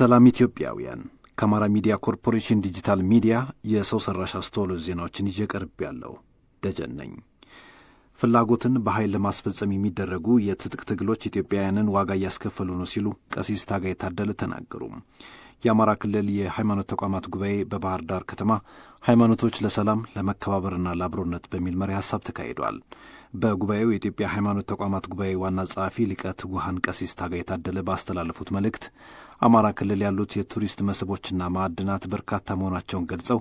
ሰላም ኢትዮጵያውያን ከአማራ ሚዲያ ኮርፖሬሽን ዲጂታል ሚዲያ የሰው ሠራሽ አስተውሎት ዜናዎችን ይዤ ቀርብ ያለው ደጀን ነኝ። ፍላጎትን በኃይል ለማስፈጸም የሚደረጉ የትጥቅ ትግሎች ኢትዮጵያውያንን ዋጋ እያስከፈሉ ነው ሲሉ ቀሲስ ታጋይ ታደለ ተናገሩ። የአማራ ክልል የሃይማኖት ተቋማት ጉባኤ በባህር ዳር ከተማ ሃይማኖቶች ለሰላም ለመከባበርና ለአብሮነት በሚል መሪ ሀሳብ ተካሂዷል። በጉባኤው የኢትዮጵያ ሃይማኖት ተቋማት ጉባኤ ዋና ጸሐፊ ሊቀ ትጉሃን ቀሲስ ታጋይ ታደለ ባስተላለፉት መልእክት አማራ ክልል ያሉት የቱሪስት መስህቦችና ማዕድናት በርካታ መሆናቸውን ገልጸው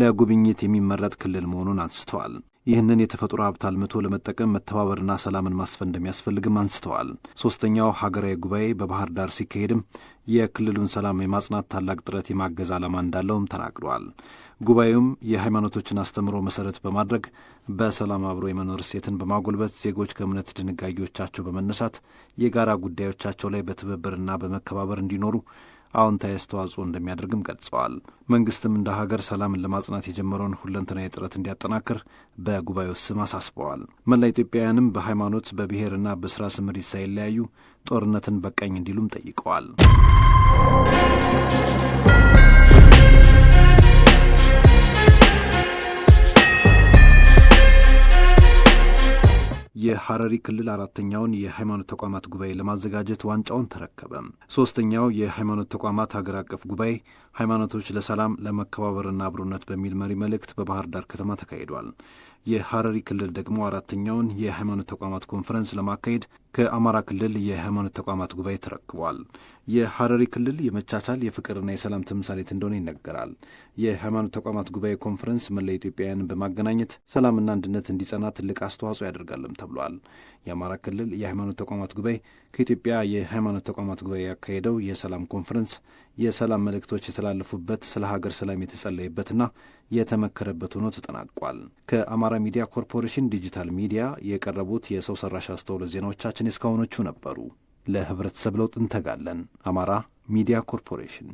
ለጉብኝት የሚመረጥ ክልል መሆኑን አንስተዋል። ይህንን የተፈጥሮ ሀብት አልምቶ ለመጠቀም መተባበርና ሰላምን ማስፈን እንደሚያስፈልግም አንስተዋል። ሶስተኛው ሀገራዊ ጉባኤ በባህር ዳር ሲካሄድም የክልሉን ሰላም የማጽናት ታላቅ ጥረት የማገዝ ዓላማ እንዳለውም ተናግረዋል። ጉባኤውም የሃይማኖቶችን አስተምሮ መሰረት በማድረግ በሰላም አብሮ የመኖር እሴትን በማጎልበት ዜጎች ከእምነት ድንጋጌዎቻቸው በመነሳት የጋራ ጉዳዮቻቸው ላይ በትብብርና በመከባበር እንዲኖሩ አዎንታዊ አስተዋጽኦ እንደሚያደርግም ገልጸዋል። መንግስትም እንደ ሀገር ሰላምን ለማጽናት የጀመረውን ሁለንተናዊ ጥረት እንዲያጠናክር በጉባኤው ስም አሳስበዋል። መላ ኢትዮጵያውያንም በሃይማኖት በብሔርና በስራ ስምሪት ሳይለያዩ ጦርነትን በቃኝ እንዲሉም ጠይቀዋል። የሐረሪ ክልል አራተኛውን የሃይማኖት ተቋማት ጉባኤ ለማዘጋጀት ዋንጫውን ተረከበ። ሶስተኛው የሃይማኖት ተቋማት ሀገር አቀፍ ጉባኤ ሃይማኖቶች ለሰላም ለመከባበርና አብሮነት በሚል መሪ መልእክት በባህር ዳር ከተማ ተካሂዷል። የሐረሪ ክልል ደግሞ አራተኛውን የሃይማኖት ተቋማት ኮንፈረንስ ለማካሄድ ከአማራ ክልል የሃይማኖት ተቋማት ጉባኤ ተረክቧል። የሐረሪ ክልል የመቻቻል የፍቅርና የሰላም ተምሳሌት እንደሆነ ይነገራል። የሃይማኖት ተቋማት ጉባኤ ኮንፈረንስ መላ ኢትዮጵያውያንን በማገናኘት ሰላምና አንድነት እንዲጸና ትልቅ አስተዋጽኦ ያደርጋልም ተብሏል። የአማራ ክልል የሃይማኖት ተቋማት ጉባኤ ከኢትዮጵያ የሃይማኖት ተቋማት ጉባኤ ያካሄደው የሰላም ኮንፈረንስ የሰላም መልእክቶች የተላለፉበት፣ ስለ ሀገር ሰላም የተጸለየበትና የተመከረበት ሆኖ ተጠናቋል። ከአማራ የአማራ ሚዲያ ኮርፖሬሽን ዲጂታል ሚዲያ የቀረቡት የሰው ሰራሽ አስተውሎት ዜናዎቻችን እስካሁኖቹ ነበሩ። ለህብረተሰብ ለውጥ እንተጋለን። አማራ ሚዲያ ኮርፖሬሽን